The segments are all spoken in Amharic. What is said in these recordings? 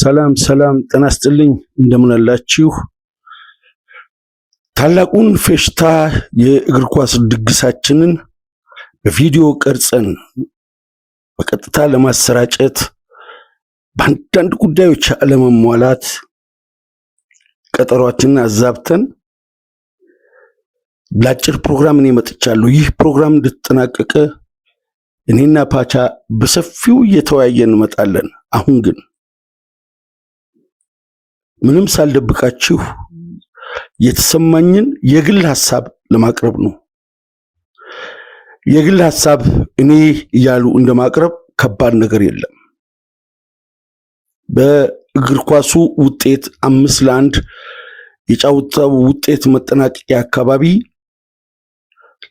ሰላም ሰላም፣ ጤና ይስጥልኝ እንደምን አላችሁ? ታላቁን ፌሽታ የእግር ኳስ ድግሳችንን በቪዲዮ ቀርጸን በቀጥታ ለማሰራጨት በአንዳንድ ጉዳዮች አለመሟላት ቀጠሯችንን አዛብተን ለአጭር ፕሮግራም እኔ መጥቻለሁ። ይህ ፕሮግራም እንደተጠናቀቀ እኔና ፓቻ በሰፊው እየተወያየ እንመጣለን። አሁን ግን ምንም ሳልደብቃችሁ የተሰማኝን የግል ሐሳብ ለማቅረብ ነው። የግል ሐሳብ እኔ እያሉ እንደማቅረብ ከባድ ነገር የለም። በእግር ኳሱ ውጤት አምስት ለአንድ የጫውታው ውጤት መጠናቀቂያ አካባቢ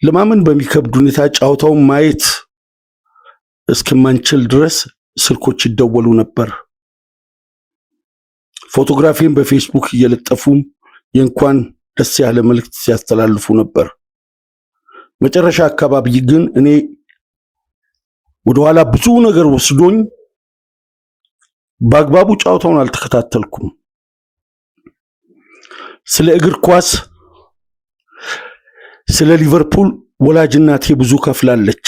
ለማመን በሚከብድ ሁኔታ ጫዋታውን ማየት እስከማንችል ድረስ ስልኮች ይደወሉ ነበር። ፎቶግራፊን በፌስቡክ እየለጠፉ የእንኳን ደስ ያለ መልእክት ሲያስተላልፉ ነበር። መጨረሻ አካባቢ ግን እኔ ወደኋላ ብዙ ነገር ወስዶኝ በአግባቡ ጨዋታውን አልተከታተልኩም። ስለ እግር ኳስ፣ ስለ ሊቨርፑል ወላጅ እናቴ ብዙ ከፍላለች።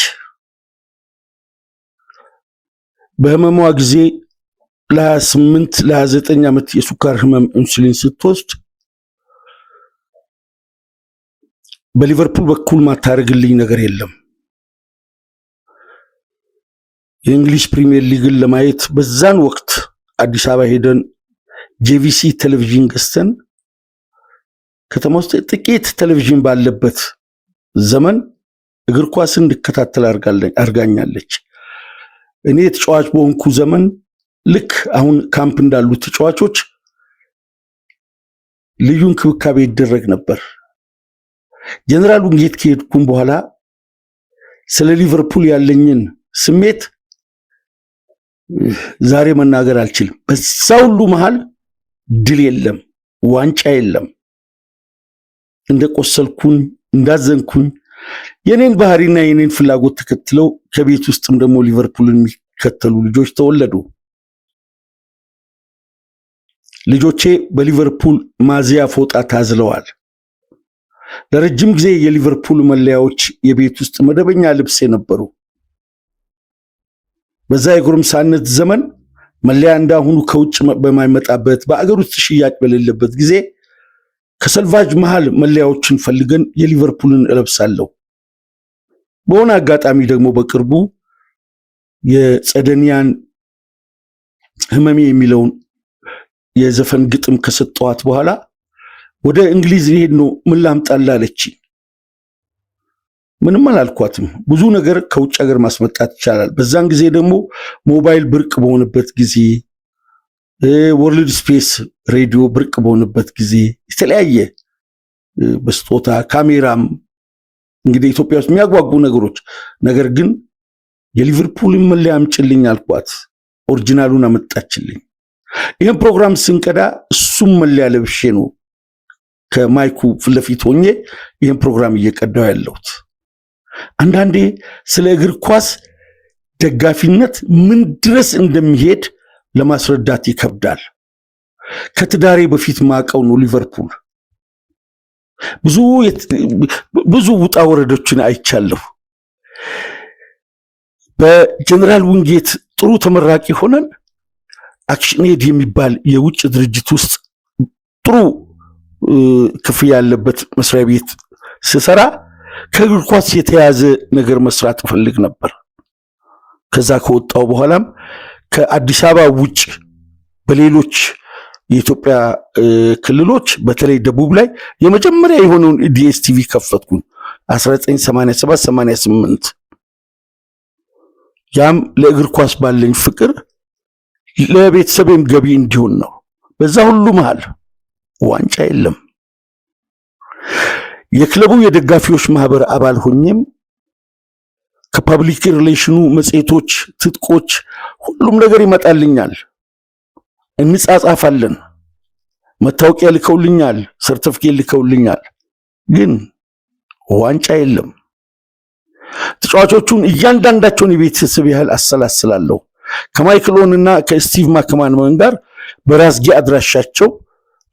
በህመሟ ጊዜ ለ28 ለ29 ዓመት የሱካር ህመም ኢንሱሊን ስትወስድ በሊቨርፑል በኩል ማታደርግልኝ ነገር የለም። የእንግሊሽ ፕሪሚየር ሊግን ለማየት በዛን ወቅት አዲስ አበባ ሄደን ጄቪሲ ቴሌቪዥን ገዝተን ከተማ ውስጥ ጥቂት ቴሌቪዥን ባለበት ዘመን እግር ኳስን እንድከታተል አድርጋኛለች። እኔ ተጫዋች በሆንኩ ዘመን ልክ አሁን ካምፕ እንዳሉት ተጫዋቾች ልዩ እንክብካቤ ይደረግ ነበር። ጀነራል ውንጌት ከሄድኩም በኋላ ስለ ሊቨርፑል ያለኝን ስሜት ዛሬ መናገር አልችልም። በዛ ሁሉ መሃል ድል የለም፣ ዋንጫ የለም። እንደቆሰልኩኝ እንዳዘንኩኝ የኔን ባህሪና የኔን ፍላጎት ተከትለው ከቤት ውስጥም ደግሞ ሊቨርፑልን የሚከተሉ ልጆች ተወለዱ። ልጆቼ በሊቨርፑል ማዚያ ፎጣ ታዝለዋል። ለረጅም ጊዜ የሊቨርፑል መለያዎች የቤት ውስጥ መደበኛ ልብስ የነበሩ በዛ የጎረምሳነት ዘመን መለያ እንዳሁኑ ከውጭ በማይመጣበት በአገር ውስጥ ሽያጭ በሌለበት ጊዜ ከሰልቫጅ መሃል መለያዎችን ፈልገን የሊቨርፑልን እለብሳለሁ። በሆነ አጋጣሚ ደግሞ በቅርቡ የጸደንያን ህመሜ የሚለውን የዘፈን ግጥም ከሰጠዋት በኋላ ወደ እንግሊዝ ሊሄድ ነው፣ ምን ላምጣልህ ምንም አላልኳትም። ብዙ ነገር ከውጭ ሀገር ማስመጣት ይቻላል። በዛን ጊዜ ደግሞ ሞባይል ብርቅ በሆነበት ጊዜ፣ ወርልድ ስፔስ ሬዲዮ ብርቅ በሆነበት ጊዜ የተለያየ በስጦታ ካሜራም እንግዲህ ኢትዮጵያ ውስጥ የሚያጓጉ ነገሮች። ነገር ግን የሊቨርፑልን መለያ አምጭልኝ አልኳት። ኦሪጂናሉን አመጣችልኝ። ይህን ፕሮግራም ስንቀዳ እሱም መለያ ለብሼ ነው ከማይኩ ፊት ለፊት ሆኜ ይህን ፕሮግራም እየቀዳው ያለሁት። አንዳንዴ ስለ እግር ኳስ ደጋፊነት ምን ድረስ እንደሚሄድ ለማስረዳት ይከብዳል። ከትዳሬ በፊት ማቀው ነው ሊቨርፑል ብዙ ውጣ ወረዶችን አይቻለሁ። በጀኔራል ውንጌት ጥሩ ተመራቂ ሆነን አክሽን ኤድ የሚባል የውጭ ድርጅት ውስጥ ጥሩ ክፍያ ያለበት መስሪያ ቤት ስሰራ ከእግር ኳስ የተያዘ ነገር መስራት እፈልግ ነበር። ከዛ ከወጣው በኋላም ከአዲስ አበባ ውጭ በሌሎች የኢትዮጵያ ክልሎች በተለይ ደቡብ ላይ የመጀመሪያ የሆነውን ዲኤስቲቪ ከፈትኩኝ 1987 88 ያም ለእግር ኳስ ባለኝ ፍቅር ለቤተሰቤም ገቢ እንዲሆን ነው። በዛ ሁሉ መሃል ዋንጫ የለም። የክለቡ የደጋፊዎች ማህበር አባል ሆኜም ከፐብሊክ ሪሌሽኑ መጽሔቶች፣ ትጥቆች፣ ሁሉም ነገር ይመጣልኛል። እንጻጻፋለን። መታወቂያ ልከውልኛል፣ ሰርተፍኬት ልከውልኛል። ግን ዋንጫ የለም። ተጫዋቾቹን እያንዳንዳቸውን የቤተሰብ ያህል አሰላስላለሁ። ከማይክል ኦን እና ከስቲቭ ማክማንመን ጋር በራስጌ አድራሻቸው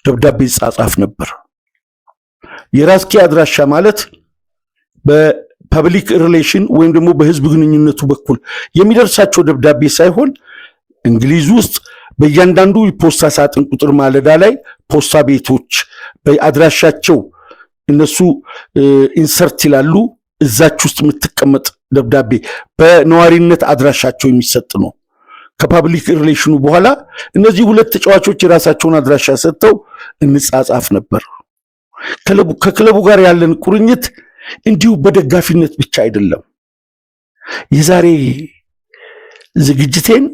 ደብዳቤ ጻጻፍ ነበር። የራስጌ አድራሻ ማለት በፐብሊክ ሪሌሽን ወይም ደግሞ በህዝብ ግንኙነቱ በኩል የሚደርሳቸው ደብዳቤ ሳይሆን እንግሊዝ ውስጥ በእያንዳንዱ የፖስታ ሳጥን ቁጥር ማለዳ ላይ ፖስታ ቤቶች በአድራሻቸው እነሱ ኢንሰርት ይላሉ። እዛች ውስጥ የምትቀመጥ ደብዳቤ በነዋሪነት አድራሻቸው የሚሰጥ ነው። ከፓብሊክ ሪሌሽኑ በኋላ እነዚህ ሁለት ተጫዋቾች የራሳቸውን አድራሻ ሰጥተው እንጻጻፍ ነበር። ከክለቡ ጋር ያለን ቁርኝት እንዲሁ በደጋፊነት ብቻ አይደለም። የዛሬ ዝግጅቴን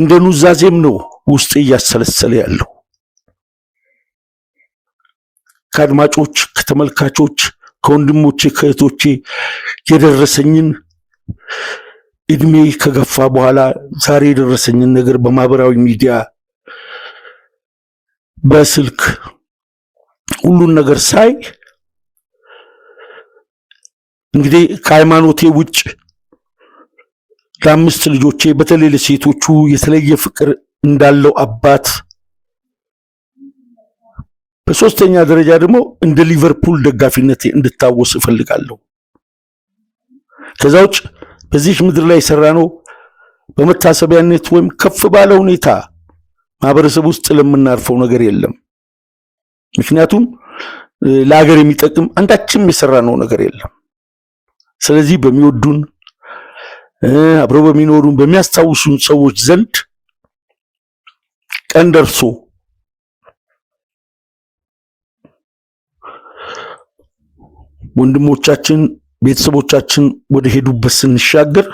እንደ ኑዛዜም ነው ውስጥ እያሰለሰለ ያለው ከአድማጮች ከተመልካቾች ከወንድሞቼ ከእህቶቼ የደረሰኝን እድሜ ከገፋ በኋላ ዛሬ የደረሰኝን ነገር በማህበራዊ ሚዲያ በስልክ ሁሉን ነገር ሳይ እንግዲህ ከሃይማኖቴ ውጭ ለአምስት ልጆቼ በተለይ ለሴቶቹ የተለየ ፍቅር እንዳለው አባት በሶስተኛ ደረጃ ደግሞ እንደ ሊቨርፑል ደጋፊነት እንድታወስ እፈልጋለሁ። ከዛ ውጭ በዚህ ምድር ላይ የሰራ ነው በመታሰቢያነት ወይም ከፍ ባለ ሁኔታ ማህበረሰብ ውስጥ ለምናርፈው ነገር የለም። ምክንያቱም ለሀገር የሚጠቅም አንዳችም የሰራ ነው ነገር የለም። ስለዚህ በሚወዱን አብረው በሚኖሩን በሚያስታውሱን ሰዎች ዘንድ ቀን ደርሶ ወንድሞቻችን ቤተሰቦቻችን ወደ ሄዱበት ስንሻገር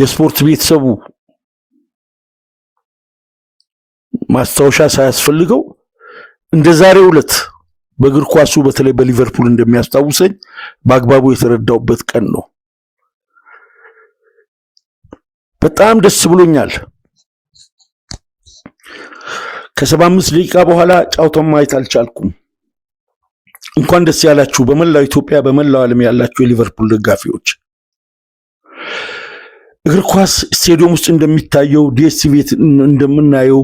የስፖርት ቤተሰቡ ማስታወሻ ሳያስፈልገው እንደ ዛሬው ዕለት በእግር ኳሱ በተለይ በሊቨርፑል እንደሚያስታውሰኝ በአግባቡ የተረዳውበት ቀን ነው። በጣም ደስ ብሎኛል። ከሰባ አምስት ደቂቃ በኋላ ጨዋታውን ማየት አልቻልኩም። እንኳን ደስ ያላችሁ በመላው ኢትዮጵያ በመላው ዓለም ያላችሁ የሊቨርፑል ደጋፊዎች። እግር ኳስ ስቴዲየም ውስጥ እንደሚታየው ቤት እንደምናየው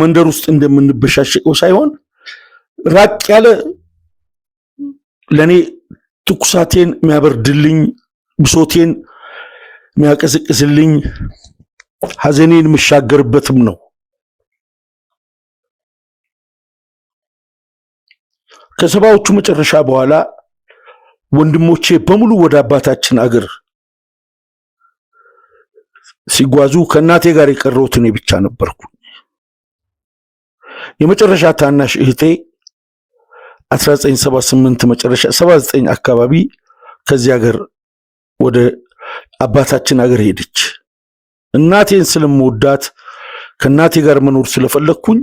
መንደር ውስጥ እንደምንበሻሸቀው ሳይሆን ራቅ ያለ ለእኔ ትኩሳቴን የሚያበርድልኝ ብሶቴን የሚያቀዘቅዝልኝ ሀዘኔን የምሻገርበትም ነው። ከሰባዎቹ መጨረሻ በኋላ ወንድሞቼ በሙሉ ወደ አባታችን አገር ሲጓዙ ከእናቴ ጋር የቀረሁት እኔ ብቻ ነበርኩ። የመጨረሻ ታናሽ እህቴ 1978 መጨረሻ 79 አካባቢ ከዚህ ሀገር ወደ አባታችን አገር ሄደች። እናቴን ስለምወዳት ከእናቴ ጋር መኖር ስለፈለግኩኝ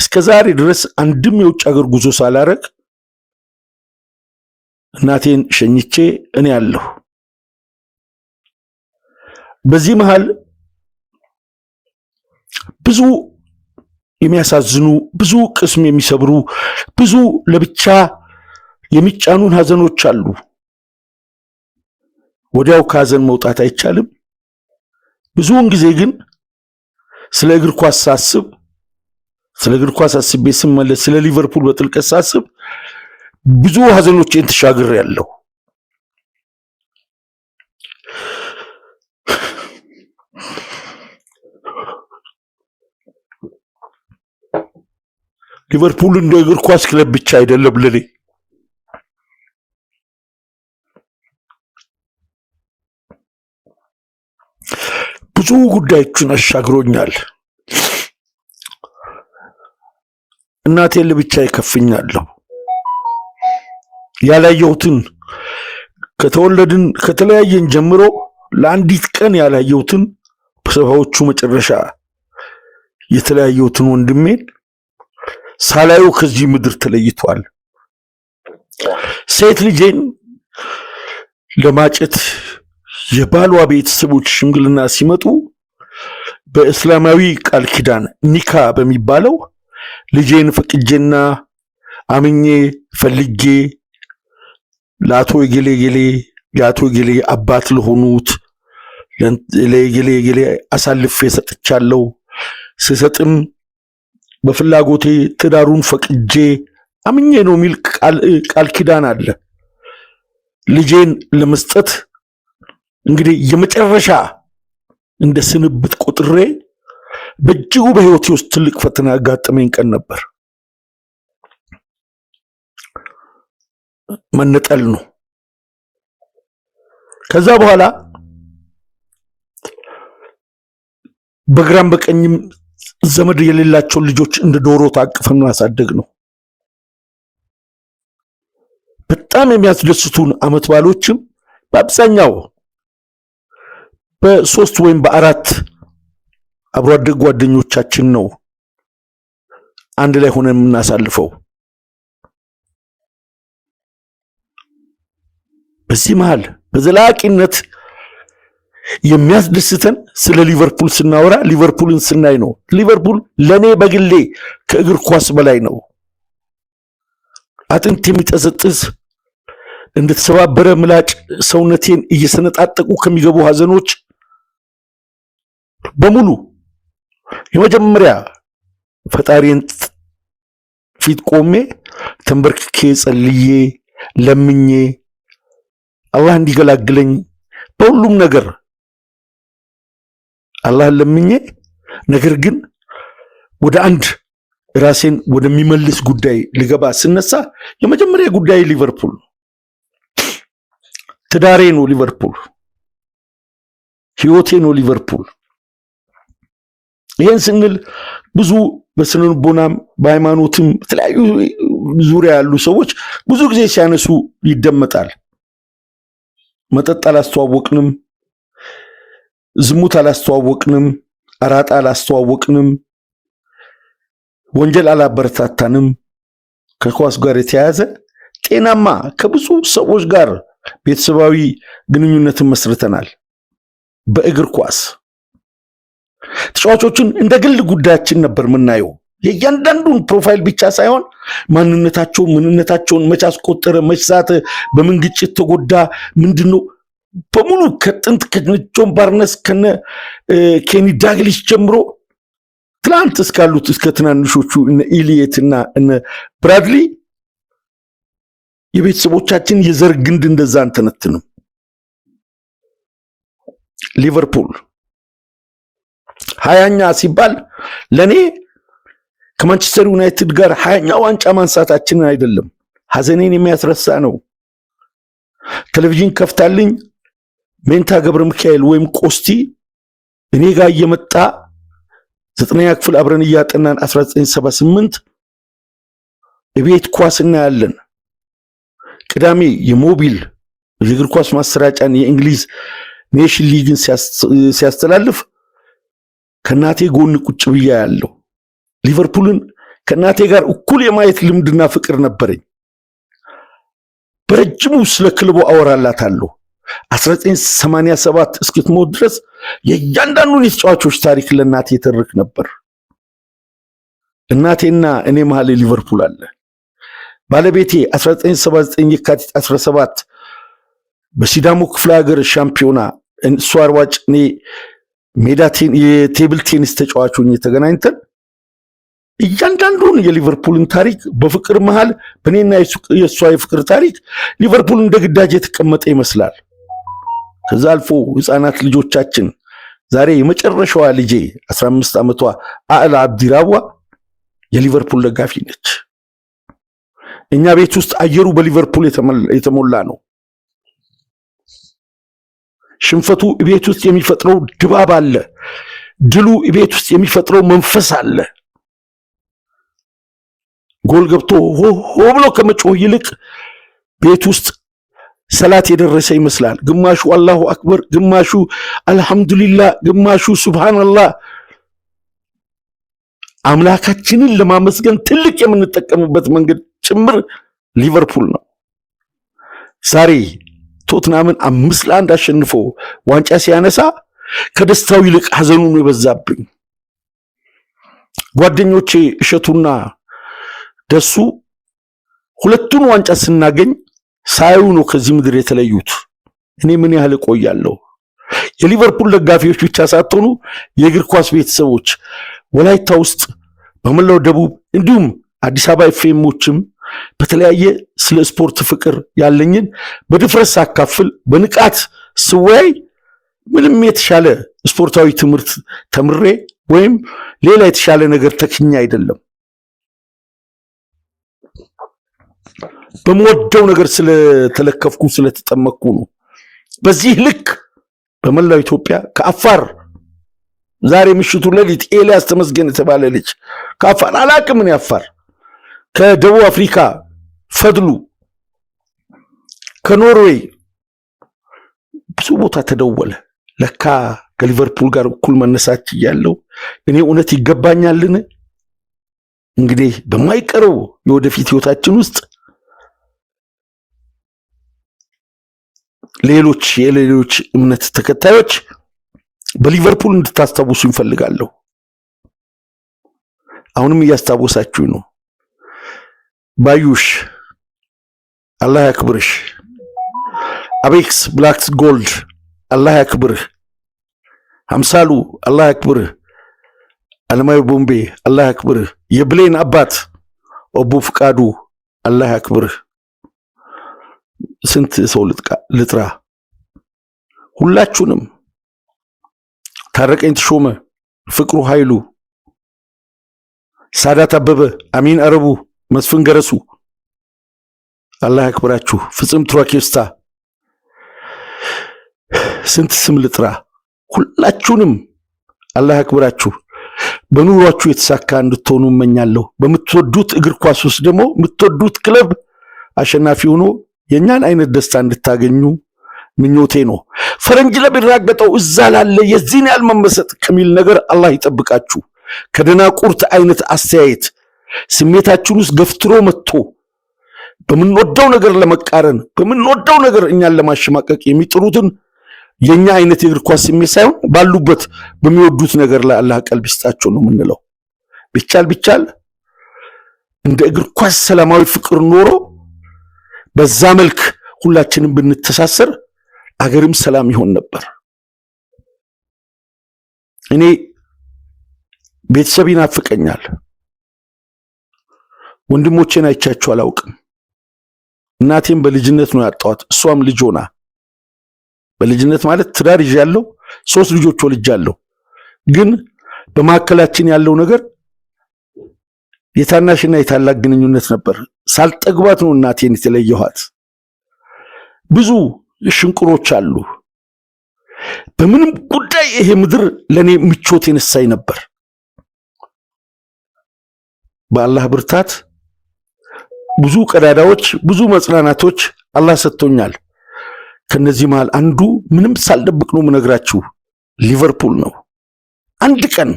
እስከ ዛሬ ድረስ አንድም የውጭ አገር ጉዞ ሳላረግ እናቴን ሸኝቼ እኔ አለሁ። በዚህ መሃል ብዙ የሚያሳዝኑ ብዙ ቅስም የሚሰብሩ ብዙ ለብቻ የሚጫኑን ሀዘኖች አሉ። ወዲያው ከሀዘን መውጣት አይቻልም። ብዙውን ጊዜ ግን ስለ እግር ኳስ ሳስብ ስለ እግር ኳስ አስቤ ስመለስ ስለ ሊቨርፑል በጥልቀት ሳስብ ብዙ ሀዘኖችን ተሻግር ያለው ሊቨርፑል እንደ እግር ኳስ ክለብ ብቻ አይደለም ለኔ ብዙ ጉዳዮችን አሻግሮኛል። እናቴን ለብቻ ይከፍኛለሁ። ያላየሁትን ከተወለድን ከተለያየን ጀምሮ ለአንዲት ቀን ያላየሁትን በሰባዎቹ መጨረሻ የተለያየሁትን ወንድሜን ሳላዩ ከዚህ ምድር ተለይቷል። ሴት ልጄን ለማጨት የባሏ ቤተሰቦች ሽምግልና ሲመጡ በእስላማዊ ቃል ኪዳን ኒካ በሚባለው ልጄን ፈቅጄና አምኜ ፈልጌ ለአቶ ጌሌ ጌሌ የአቶ ጌሌ አባት ለሆኑት ለጌሌ ጌሌ አሳልፌ ሰጥቻለሁ። ስሰጥም በፍላጎቴ ትዳሩን ፈቅጄ አምኜ ነው የሚል ቃል ኪዳን አለ። ልጄን ለመስጠት እንግዲህ የመጨረሻ እንደ ስንብት ቁጥሬ በእጅጉ በህይወቴ ውስጥ ትልቅ ፈተና ያጋጠመኝ ቀን ነበር። መነጠል ነው። ከዛ በኋላ በግራም በቀኝም ዘመድ የሌላቸውን ልጆች እንደ ዶሮ ታቅፈን ማሳደግ ነው። በጣም የሚያስደስቱን አመት በዓሎችም በአብዛኛው በሶስት ወይም በአራት አብሮ አደግ ጓደኞቻችን ነው አንድ ላይ ሆነን የምናሳልፈው። በዚህ መሃል በዘላቂነት የሚያስደስተን ስለ ሊቨርፑል ስናወራ ሊቨርፑልን ስናይ ነው። ሊቨርፑል ለእኔ በግሌ ከእግር ኳስ በላይ ነው። አጥንት የሚጠዘጥዝ እንደተሰባበረ ምላጭ ሰውነቴን እየሰነጣጠቁ ከሚገቡ ሀዘኖች በሙሉ የመጀመሪያ ፈጣሪን ፊት ቆሜ ተንበርክኬ ጸልዬ ለምኜ አላህ እንዲገላግለኝ በሁሉም ነገር አላህን ለምኜ ነገር ግን ወደ አንድ ራሴን ወደሚመልስ ጉዳይ ልገባ ስነሳ የመጀመሪያ ጉዳይ ሊቨርፑል ትዳሬ ነው፣ ሊቨርፑል ህይወቴ ነው፣ ሊቨርፑል። ይህን ስንል ብዙ በስነልቦናም በሃይማኖትም በተለያዩ ዙሪያ ያሉ ሰዎች ብዙ ጊዜ ሲያነሱ ይደመጣል። መጠጥ አላስተዋወቅንም፣ ዝሙት አላስተዋወቅንም፣ አራጣ አላስተዋወቅንም፣ ወንጀል አላበረታታንም። ከኳስ ጋር የተያያዘ ጤናማ ከብዙ ሰዎች ጋር ቤተሰባዊ ግንኙነትን መስርተናል። በእግር ኳስ ተጫዋቾቹን እንደ ግል ጉዳያችን ነበር ምናየው። የእያንዳንዱን ፕሮፋይል ብቻ ሳይሆን ማንነታቸው ምንነታቸውን መች አስቆጠረ፣ መች ሰዓት፣ በምን ግጭት ተጎዳ፣ ምንድነው በሙሉ ከጥንት ከጆን ባርነስ ከነ ኬኒ ዳግሊስ ጀምሮ ትላንት እስካሉት እስከ ትናንሾቹ እነ ኢሊየትና እነ ብራድሊ የቤተሰቦቻችን የዘር ግንድ እንደዛ አንተነትንም። ሊቨርፑል ሀያኛ ሲባል ለእኔ ከማንቸስተር ዩናይትድ ጋር ሀያኛ ዋንጫ ማንሳታችንን አይደለም፣ ሀዘኔን የሚያስረሳ ነው። ቴሌቪዥን ከፍታልኝ ሜንታ ገብረ ሚካኤል ወይም ቆስቲ እኔ ጋር እየመጣ ዘጠነኛ ክፍል አብረን እያጠናን 1978 እቤት ኳስ እናያለን። ቅዳሜ የሞቢል የእግር ኳስ ማሰራጫን የእንግሊዝ ኔሽን ሊግን ሲያስተላልፍ ከእናቴ ጎን ቁጭ ብያ ያለው ሊቨርፑልን ከእናቴ ጋር እኩል የማየት ልምድና ፍቅር ነበረኝ። በረጅሙ ስለ ክለቡ አወራላታለሁ። 1987 እስክትሞት ድረስ የእያንዳንዱን የተጫዋቾች ታሪክ ለእናቴ ተርክ ነበር። እናቴና እኔ መሀል ሊቨርፑል አለ። ባለቤቴ 1979 የካቲት 17 በሲዳሞ ክፍለ ሀገር ሻምፒዮና እሱ አርዋጭ እኔ ሜዳ የቴብል ቴኒስ ተጫዋች ሆኜ ተገናኝተን እያንዳንዱን የሊቨርፑልን ታሪክ በፍቅር መሃል በእኔና የእሷ የፍቅር ታሪክ ሊቨርፑል እንደ ግዳጅ የተቀመጠ ይመስላል። ከዛ አልፎ ህፃናት ልጆቻችን ዛሬ የመጨረሻዋ ልጄ 15 ዓመቷ አዕላ አብዲራዋ የሊቨርፑል ደጋፊ ነች። እኛ ቤት ውስጥ አየሩ በሊቨርፑል የተሞላ ነው። ሽንፈቱ ቤት ውስጥ የሚፈጥረው ድባብ አለ። ድሉ ቤት ውስጥ የሚፈጥረው መንፈስ አለ። ጎል ገብቶ ሆ ብሎ ከመጮህ ይልቅ ቤት ውስጥ ሰላት የደረሰ ይመስላል። ግማሹ አላሁ አክበር፣ ግማሹ አልሐምዱሊላ ግማሹ ሱብሃንአላህ። አምላካችንን ለማመስገን ትልቅ የምንጠቀምበት መንገድ ጭምር ሊቨርፑል ነው። ዛሬ ቶትናምን አምስት ለአንድ አሸንፎ ዋንጫ ሲያነሳ ከደስታው ይልቅ ሀዘኑን የበዛብኝ ጓደኞቼ እሸቱና ደሱ ሁለቱን ዋንጫ ስናገኝ ሳይው ነው ከዚህ ምድር የተለዩት። እኔ ምን ያህል እቆያለሁ? የሊቨርፑል ደጋፊዎች ብቻ ሳትሆኑ የእግር ኳስ ቤተሰቦች ወላይታ ውስጥ በመላው ደቡብ እንዲሁም አዲስ አበባ ኤፍኤሞችም በተለያየ ስለ ስፖርት ፍቅር ያለኝን በድፍረት ሳካፍል በንቃት ስወያይ ምንም የተሻለ ስፖርታዊ ትምህርት ተምሬ ወይም ሌላ የተሻለ ነገር ተክኛ አይደለም። በምወደው ነገር ስለተለከፍኩ ስለተጠመቅኩ ነው። በዚህ ልክ በመላው ኢትዮጵያ ከአፋር ዛሬ ምሽቱ ሌሊት ኤልያስ ተመስገን የተባለ ልጅ ከአፋር አላቅም እኔ አፋር ከደቡብ አፍሪካ ፈድሉ ከኖርዌይ ብዙ ቦታ ተደወለ። ለካ ከሊቨርፑል ጋር እኩል መነሳት እያለው እኔ እውነት ይገባኛልን? እንግዲህ በማይቀረው የወደፊት ህይወታችን ውስጥ ሌሎች የሌሎች እምነት ተከታዮች በሊቨርፑል እንድታስታውሱ ይፈልጋለሁ። አሁንም እያስታወሳችሁ ነው። ባዩሽ አላህ ያክብርሽ። አቤክስ ብላክስ ጎልድ አላህ ያክብርህ። አምሳሉ አላህ ያክብርህ። አለማዊ ቦምቤ አላህ ያክብርህ። የብሌን አባት ኦቦ ፍቃዱ አላህ ያክብርህ። ስንት ሰው ልጥራ? ሁላችሁንም ታረቀኝ ተሾመ፣ ፍቅሩ ኃይሉ፣ ሳዳት አበበ፣ አሚን አረቡ፣ መስፍን ገረሱ፣ አላህ ያክብራችሁ። ፍጽም ትሯኬስታ ስንት ስም ልጥራ? ሁላችሁንም አላህ ያክብራችሁ። በኑሯችሁ የተሳካ እንድትሆኑ እመኛለሁ። በምትወዱት እግር ኳስ ውስጥ ደግሞ የምትወዱት ክለብ አሸናፊ ሆኖ የእኛን አይነት ደስታ እንድታገኙ ምኞቴ ነው። ፈረንጅ ለሚራገጠው እዛ ላለ የዚህን ያህል መመሰጥ ከሚል ነገር አላህ ይጠብቃችሁ። ከደናቁርት አይነት አስተያየት ስሜታችን ውስጥ ገፍትሮ መጥቶ በምንወደው ነገር ለመቃረን በምንወደው ነገር እኛን ለማሸማቀቅ የሚጥሩትን የእኛ አይነት የእግር ኳስ ስሜት ሳይሆን ባሉበት በሚወዱት ነገር ላይ አላህ ቀልብ ይስጣቸው ነው የምንለው። ቢቻል ቢቻል እንደ እግር ኳስ ሰላማዊ ፍቅር ኖሮ በዛ መልክ ሁላችንም ብንተሳሰር አገርም ሰላም ይሆን ነበር። እኔ ቤተሰብ ይናፍቀኛል። ወንድሞቼን አይቻችሁ አላውቅም። እናቴም በልጅነት ነው ያጣዋት። እሷም ልጅ ሆና በልጅነት ማለት ትዳር ያለው ሶስት ልጆች ወልጃለሁ። ግን በማዕከላችን ያለው ነገር የታናሽና የታላቅ ግንኙነት ነበር። ሳልጠግባት ነው እናቴን የተለየኋት። ብዙ ሽንቁሮች አሉ። በምንም ጉዳይ ይሄ ምድር ለእኔ ምቾት የነሳኝ ነበር። በአላህ ብርታት ብዙ ቀዳዳዎች፣ ብዙ መጽናናቶች አላህ ሰጥቶኛል። ከነዚህ መሃል አንዱ ምንም ሳልደብቅ ነው ምነግራችሁ ሊቨርፑል ነው። አንድ ቀን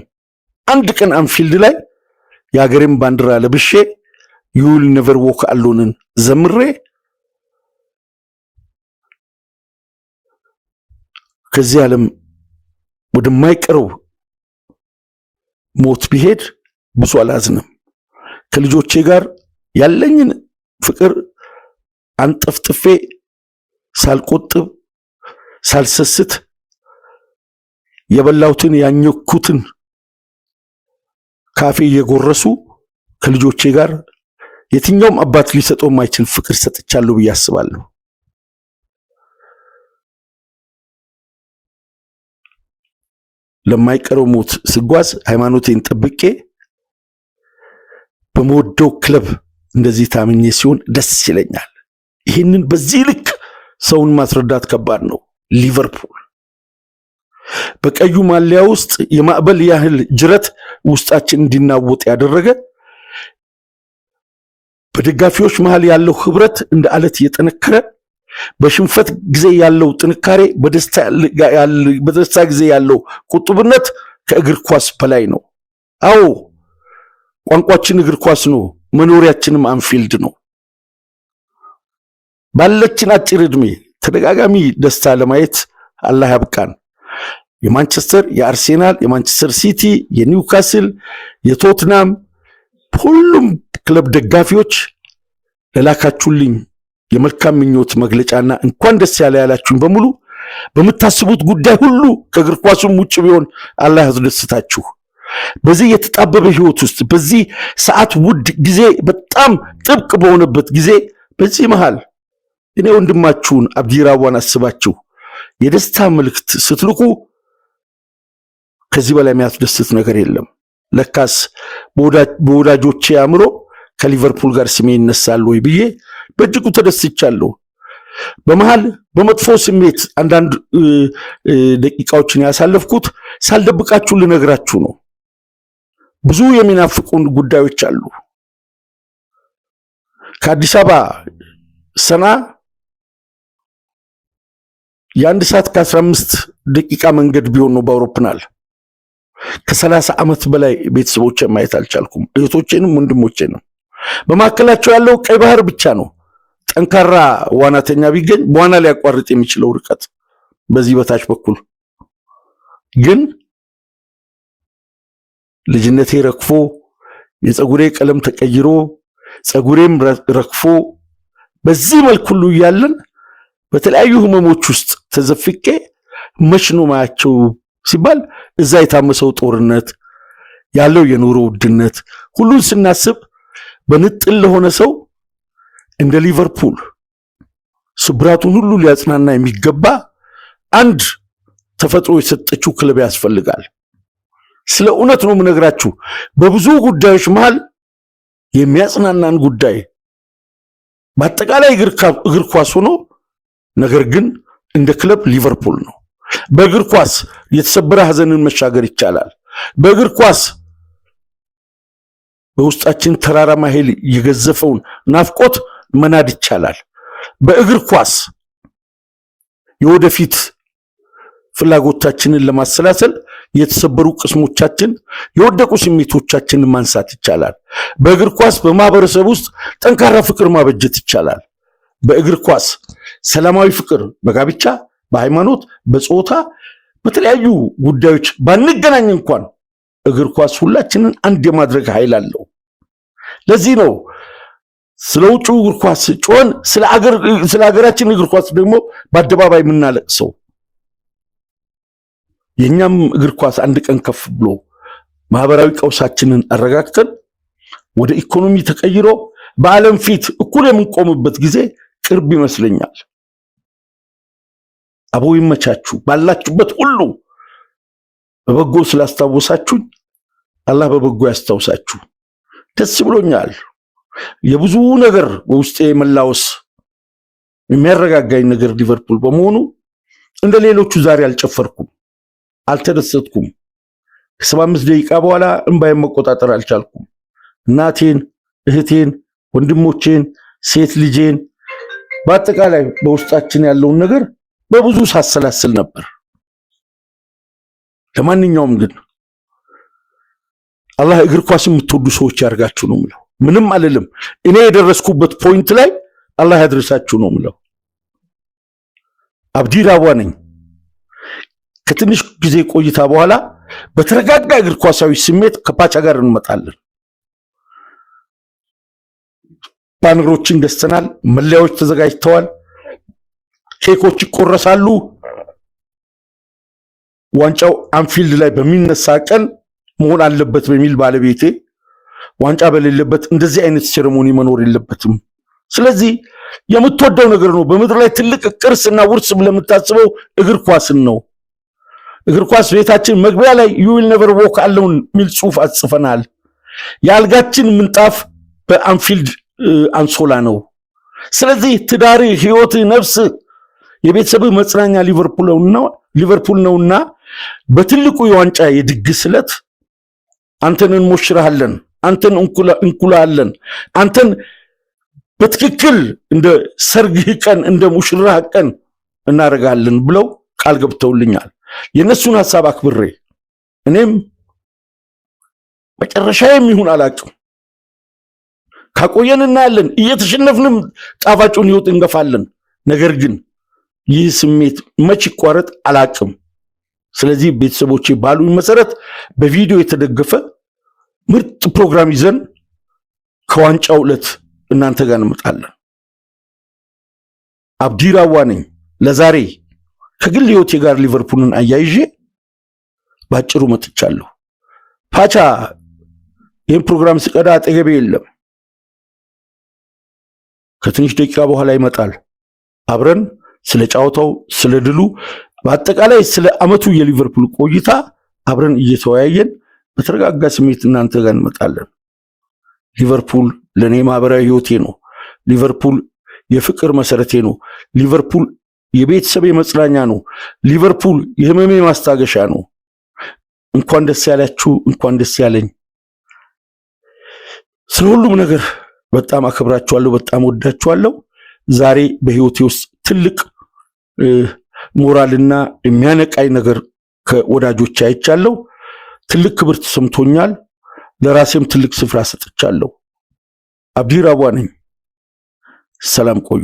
አንድ ቀን አንፊልድ ላይ የሀገሬን ባንዲራ ለብሼ ዩል ነቨር ዎክ አሎንን ዘምሬ ከዚህ ዓለም ወደማይቀረው ሞት ቢሄድ ብዙ አላዝንም። ከልጆቼ ጋር ያለኝን ፍቅር አንጠፍጥፌ ሳልቆጥብ ሳልሰስት የበላሁትን ያኘኩትን ካፌ እየጎረሱ ከልጆቼ ጋር የትኛውም አባት ሊሰጠው የማይችል ፍቅር ሰጥቻለሁ ብዬ አስባለሁ። ለማይቀረው ሞት ስጓዝ ሃይማኖቴን ጠብቄ በመወደው ክለብ እንደዚህ ታምኜ ሲሆን ደስ ይለኛል። ይህንን በዚህ ልክ ሰውን ማስረዳት ከባድ ነው። ሊቨርፑል በቀዩ ማሊያ ውስጥ የማዕበል ያህል ጅረት ውስጣችን እንዲናወጥ ያደረገ በደጋፊዎች መሃል ያለው ህብረት እንደ አለት እየጠነከረ በሽንፈት ጊዜ ያለው ጥንካሬ፣ በደስታ ጊዜ ያለው ቁጥብነት ከእግር ኳስ በላይ ነው። አዎ ቋንቋችን እግር ኳስ ነው፣ መኖሪያችንም አንፊልድ ነው። ባለችን አጭር ዕድሜ ተደጋጋሚ ደስታ ለማየት አላህ ያብቃን። የማንቸስተር፣ የአርሴናል፣ የማንቸስተር ሲቲ፣ የኒውካስል፣ የቶትናም ሁሉም ክለብ ደጋፊዎች ለላካችሁልኝ የመልካም ምኞት መግለጫና እንኳን ደስ ያለ ያላችሁኝ በሙሉ በምታስቡት ጉዳይ ሁሉ ከእግር ኳሱም ውጭ ቢሆን አላህ ያስደስታችሁ። በዚህ የተጣበበ ህይወት ውስጥ በዚህ ሰዓት ውድ ጊዜ በጣም ጥብቅ በሆነበት ጊዜ በዚህ መሃል እኔ ወንድማችሁን አብዲራዋን አስባችሁ የደስታ መልእክት ስትልኩ ከዚህ በላይ የሚያስደስት ነገር የለም። ለካስ በወዳጆቼ አእምሮ ከሊቨርፑል ጋር ስሜ ይነሳል ወይ ብዬ በእጅጉ ተደስቻለሁ። በመሃል በመጥፎ ስሜት አንዳንድ ደቂቃዎችን ያሳለፍኩት ሳልደብቃችሁ ልነግራችሁ ነው። ብዙ የሚናፍቁን ጉዳዮች አሉ። ከአዲስ አበባ ሰና የአንድ ሰዓት ከአስራ አምስት ደቂቃ መንገድ ቢሆን ነው በአውሮፕላን ከሰላሳ ዓመት በላይ ቤተሰቦቼን ማየት አልቻልኩም። እህቶቼንም ወንድሞቼንም በመካከላቸው ያለው ቀይ ባህር ብቻ ነው። ጠንካራ ዋናተኛ ቢገኝ በዋና ሊያቋርጥ የሚችለው ርቀት በዚህ በታች በኩል ግን ልጅነቴ ረክፎ የፀጉሬ ቀለም ተቀይሮ ፀጉሬም ረክፎ በዚህ መልክ ሁሉ እያለን በተለያዩ ህመሞች ውስጥ ተዘፍቄ መሽኖ ነው ማያቸው ሲባል እዛ የታመሰው ጦርነት ያለው የኑሮ ውድነት ሁሉን ስናስብ በንጥል ለሆነ ሰው እንደ ሊቨርፑል ስብራቱን ሁሉ ሊያጽናና የሚገባ አንድ ተፈጥሮ የሰጠችው ክለብ ያስፈልጋል። ስለ እውነት ነው የምነግራችሁ። በብዙ ጉዳዮች መሃል የሚያጽናናን ጉዳይ በአጠቃላይ እግር ኳስ ሆኖ ነገር ግን እንደ ክለብ ሊቨርፑል ነው። በእግር ኳስ የተሰበረ ሐዘንን መሻገር ይቻላል። በእግር ኳስ በውስጣችን ተራራ ማሄል የገዘፈውን ናፍቆት መናድ ይቻላል። በእግር ኳስ የወደፊት ፍላጎታችንን ለማሰላሰል የተሰበሩ ቅስሞቻችን፣ የወደቁ ስሜቶቻችንን ማንሳት ይቻላል። በእግር ኳስ በማህበረሰብ ውስጥ ጠንካራ ፍቅር ማበጀት ይቻላል። በእግር ኳስ ሰላማዊ ፍቅር በጋብቻ፣ በሃይማኖት፣ በጾታ በተለያዩ ጉዳዮች ባንገናኝ እንኳን እግር ኳስ ሁላችንን አንድ የማድረግ ኃይል አለው። ለዚህ ነው ስለ ውጩ እግር ኳስ ጮን ስለ ሀገራችን እግር ኳስ ደግሞ በአደባባይ የምናለቅሰው። የእኛም እግር ኳስ አንድ ቀን ከፍ ብሎ ማህበራዊ ቀውሳችንን አረጋግተን ወደ ኢኮኖሚ ተቀይሮ በዓለም ፊት እኩል የምንቆምበት ጊዜ ቅርብ ይመስለኛል። አቦ ይመቻችሁ። ባላችሁበት ሁሉ በበጎ ስላስታወሳችሁኝ አላህ በበጎ ያስታውሳችሁ። ደስ ብሎኛል። የብዙ ነገር በውስጤ መላወስ የሚያረጋጋኝ ነገር ሊቨርፑል በመሆኑ እንደ ሌሎቹ ዛሬ አልጨፈርኩም፣ አልተደሰትኩም። ከሰባ አምስት ደቂቃ በኋላ እምባይን መቆጣጠር አልቻልኩም። እናቴን፣ እህቴን፣ ወንድሞቼን፣ ሴት ልጄን በአጠቃላይ በውስጣችን ያለውን ነገር በብዙ ሳሰላስል ነበር። ለማንኛውም ግን አላህ እግር ኳስ የምትወዱ ሰዎች ያርጋችሁ ነው ምለው። ምንም አልልም። እኔ የደረስኩበት ፖይንት ላይ አላህ ያድርሳችሁ ነው ምለው። አብዲ ዳቧ ነኝ። ከትንሽ ጊዜ ቆይታ በኋላ በተረጋጋ እግር ኳሳዊ ስሜት ከፓቻ ጋር እንመጣለን። ባነሮችን ገዝተናል። መለያዎች ተዘጋጅተዋል። ኬኮች ይቆረሳሉ። ዋንጫው አንፊልድ ላይ በሚነሳ ቀን መሆን አለበት በሚል ባለቤቴ ዋንጫ በሌለበት እንደዚህ አይነት ሴሬሞኒ መኖር የለበትም። ስለዚህ የምትወደው ነገር ነው። በምድር ላይ ትልቅ ቅርስና ውርስ ብለህ እግር ኳስን ነው። እግር ኳስ ቤታችን መግቢያ ላይ ዊል ነቨር ዎክ አለውን የሚል ጽሑፍ አጽፈናል። የአልጋችን ምንጣፍ በአንፊልድ አንሶላ ነው። ስለዚህ ትዳርህ፣ ህይወትህ፣ ነፍስህ የቤተሰብ መጽናኛ ሊቨርፑል ነውና በትልቁ የዋንጫ የድግስ ዕለት አንተን እንሞሽርሃለን፣ አንተን እንኩላለን፣ አንተን በትክክል እንደ ሰርግህ ቀን እንደ ሙሽራህ ቀን እናደርጋለን ብለው ቃል ገብተውልኛል። የእነሱን ሀሳብ አክብሬ እኔም መጨረሻ የሚሆን አላቅም ካቆየን እናያለን። እየተሸነፍንም ጣፋጩን ሕይወት እንገፋለን። ነገር ግን ይህ ስሜት መች ይቋረጥ አላቅም። ስለዚህ ቤተሰቦቼ ባሉኝ መሰረት በቪዲዮ የተደገፈ ምርጥ ፕሮግራም ይዘን ከዋንጫው ዕለት እናንተ ጋር እንመጣለን። አብዲራዋ ነኝ። ለዛሬ ከግል ህይወቴ ጋር ሊቨርፑልን አያይዤ ባጭሩ መጥቻለሁ። ፓቻ ይህን ፕሮግራም ስቀዳ አጠገቤ የለም። ከትንሽ ደቂቃ በኋላ ይመጣል አብረን ስለ ጨዋታው፣ ስለ ድሉ፣ በአጠቃላይ ስለ አመቱ የሊቨርፑል ቆይታ አብረን እየተወያየን በተረጋጋ ስሜት እናንተ ጋር እንመጣለን። ሊቨርፑል ለእኔ ማህበራዊ ህይወቴ ነው። ሊቨርፑል የፍቅር መሰረቴ ነው። ሊቨርፑል የቤተሰብ መጽናኛ ነው። ሊቨርፑል የህመሜ ማስታገሻ ነው። እንኳን ደስ ያላችሁ፣ እንኳን ደስ ያለኝ። ስለ ሁሉም ነገር በጣም አከብራችኋለሁ፣ በጣም ወዳችኋለሁ። ዛሬ በህይወቴ ውስጥ ትልቅ ሞራልና የሚያነቃኝ ነገር ከወዳጆች አይቻለሁ። ትልቅ ክብር ተሰምቶኛል። ለራሴም ትልቅ ስፍራ ሰጥቻለሁ። አብዲ አቧ ነኝ። ሰላም ቆዩ።